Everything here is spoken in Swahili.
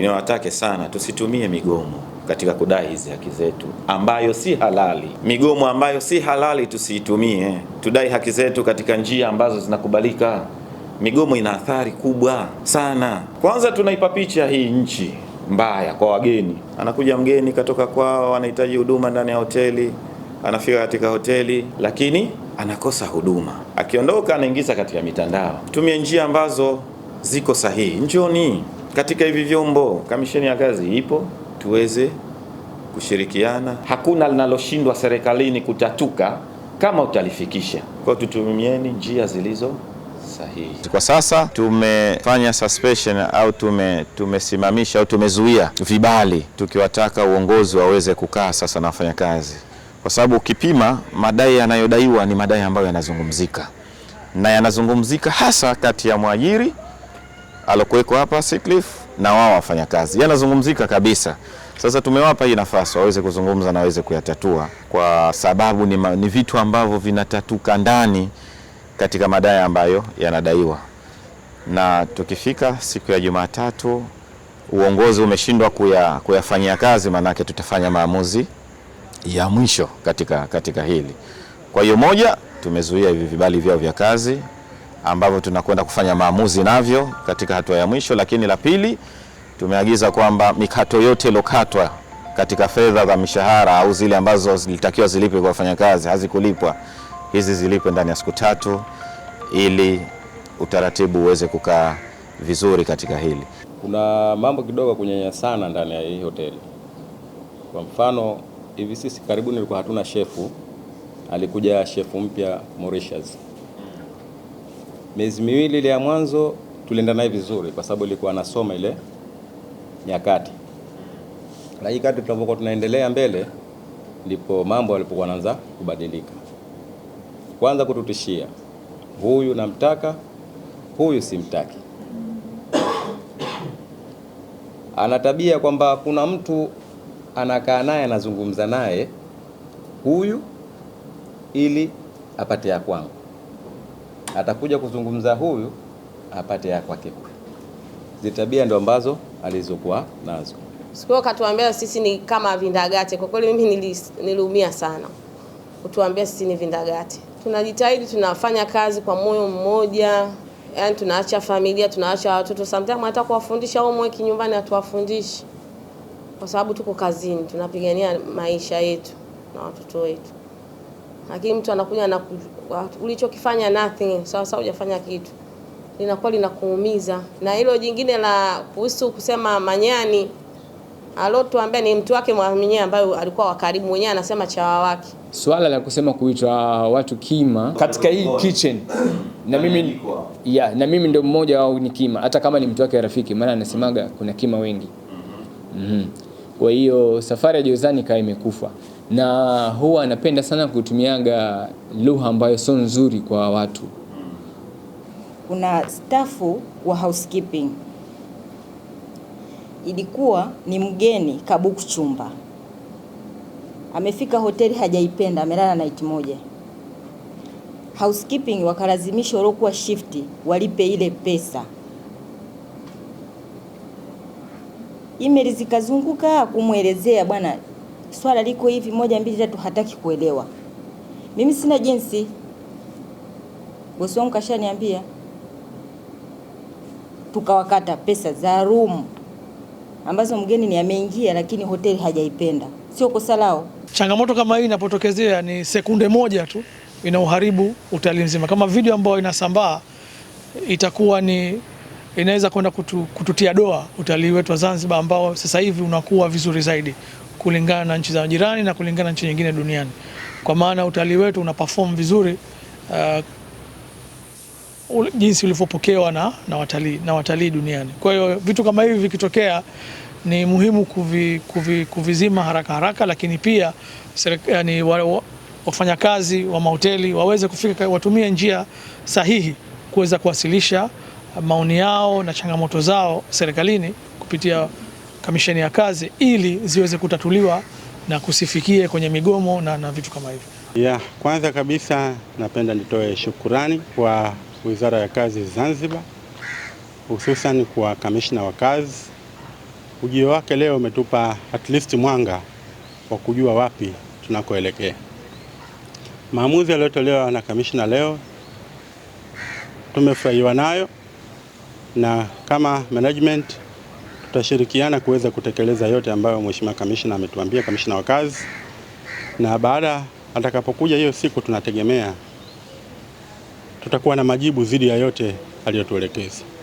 ninawatake sana tusitumie migomo katika kudai hizi haki zetu ambayo si halali. Migomo ambayo si halali tusiitumie, tudai haki zetu katika njia ambazo zinakubalika. Migomo ina athari kubwa sana. Kwanza tunaipa picha hii nchi mbaya kwa wageni. Anakuja mgeni katoka kwao, anahitaji huduma ndani ya hoteli, anafika katika hoteli lakini anakosa huduma, akiondoka anaingiza katika mitandao. Tumie njia ambazo ziko sahihi. Njoni katika hivi vyombo, kamisheni ya kazi ipo, tuweze kushirikiana. Hakuna linaloshindwa serikalini kutatuka kama utalifikisha. Kwa tutumieni njia zilizo sahihi. Kwa sasa tumefanya suspension au tume tumesimamisha au tumezuia vibali, tukiwataka uongozi waweze kukaa sasa na wafanyakazi, kwa sababu ukipima madai yanayodaiwa ni madai ambayo yanazungumzika na yanazungumzika hasa kati ya mwajiri alokuweko hapa Sitcliff na wao wafanya kazi yanazungumzika kabisa. Sasa tumewapa hii nafasi waweze kuzungumza na waweze kuyatatua, kwa sababu ni, ma, ni vitu ambavyo vinatatuka ndani katika madai ambayo yanadaiwa, na tukifika siku ya Jumatatu uongozi umeshindwa kuya, kuyafanyia kazi, maanake tutafanya maamuzi ya mwisho katika, katika hili. Kwa hiyo moja, tumezuia hivi vibali vyao vya kazi ambavyo tunakwenda kufanya maamuzi navyo katika hatua ya mwisho. Lakini la pili, tumeagiza kwamba mikato yote ilokatwa katika fedha za mishahara au zile ambazo zilitakiwa zilipwe kwa wafanyakazi hazikulipwa, hizi zilipwe ndani ya siku tatu ili utaratibu uweze kukaa vizuri katika hili. Kuna mambo kidogo kunyanya sana ndani ya hii hoteli. Kwa mfano hivi sisi karibuni ilikuwa hatuna shefu, alikuja shefu mpya Mauritius. Miezi miwili ile ya mwanzo tulienda naye vizuri, kwa sababu ilikuwa anasoma ile nyakati, hii kadri tunavyokuwa tunaendelea mbele, ndipo mambo yalipokuwa yanaanza kubadilika, kwanza kututishia, huyu namtaka, huyu simtaki. Ana tabia kwamba kuna mtu anakaa naye anazungumza naye huyu ili apate ya kwangu atakuja kuzungumza huyu apate ya kwake huyu. Zile tabia ndo ambazo alizokuwa nazo siku hiyo. Katuambia sisi ni kama vindagate. Kwa kweli mimi niliumia sana kutuambia sisi ni vindagate. Tunajitahidi, tunafanya kazi kwa moyo mmoja, yani tunaacha familia, tunaacha watoto, sometimes hata kuwafundisha homework nyumbani hatuwafundishi kwa sababu tuko kazini, tunapigania maisha yetu na watoto wetu, lakini mtu anakuja na ulichokifanya nothing, sawa sawa, hujafanya kitu, linakuwa linakuumiza. Na hilo jingine la kuhusu kusema Manyani alotuambia ni mtu wake mwenyewe ambaye alikuwa wa karibu mwenyewe, anasema chawa wake. Swala la kusema kuitwa uh, watu kima katika hii kitchen na mimi ya na mimi ndio mmoja wao ni kima, hata kama ni mtu wake rafiki, maana anasemaga kuna kima wengi. mm -hmm. Kwa hiyo safari ya Jozani kaa imekufa na huwa anapenda sana kutumiaga lugha ambayo sio nzuri kwa watu. Kuna stafu wa housekeeping ilikuwa ni mgeni kabuku chumba, amefika hoteli hajaipenda, amelala night moja. Housekeeping wakalazimisha waliokuwa shifti walipe ile pesa. Email zikazunguka kumwelezea bwana swala liko hivi, moja mbili tatu, hataki kuelewa. Mimi sina jinsi, bosi wangu kashaniambia, tukawakata pesa za room ambazo mgeni ni ameingia, lakini hoteli hajaipenda. Sio kosa lao. Changamoto kama hii inapotokezea ni sekunde moja tu inauharibu utalii mzima. Kama video ambayo inasambaa itakuwa ni inaweza kwenda kutu, kututia doa utalii wetu wa Zanzibar ambao sasa hivi unakuwa vizuri zaidi kulingana na nchi za jirani na kulingana na nchi nyingine duniani, kwa maana utalii wetu una perform vizuri uh, jinsi ulivyopokewa na, na watalii na watalii duniani. Kwa hiyo vitu kama hivi vikitokea ni muhimu kuvi, kuvi, kuvizima haraka haraka, lakini pia yani, eh, wafanyakazi wa mahoteli waweze kufika, watumie njia sahihi kuweza kuwasilisha maoni yao na changamoto zao serikalini kupitia kamisheni ya kazi ili ziweze kutatuliwa na kusifikie kwenye migomo na, na vitu kama hivyo. Ya kwanza kabisa napenda nitoe shukurani kwa Wizara ya Kazi Zanzibar, hususan kwa kamishna wa kazi. Ujio wake leo umetupa at least mwanga wa kujua wapi tunakoelekea. Maamuzi yaliyotolewa na kamishna leo tumefurahiwa nayo na kama management tutashirikiana kuweza kutekeleza yote ambayo mheshimiwa kamishna ametuambia, kamishna wa kazi, na baada atakapokuja hiyo siku, tunategemea tutakuwa na majibu dhidi ya yote aliyotuelekeza.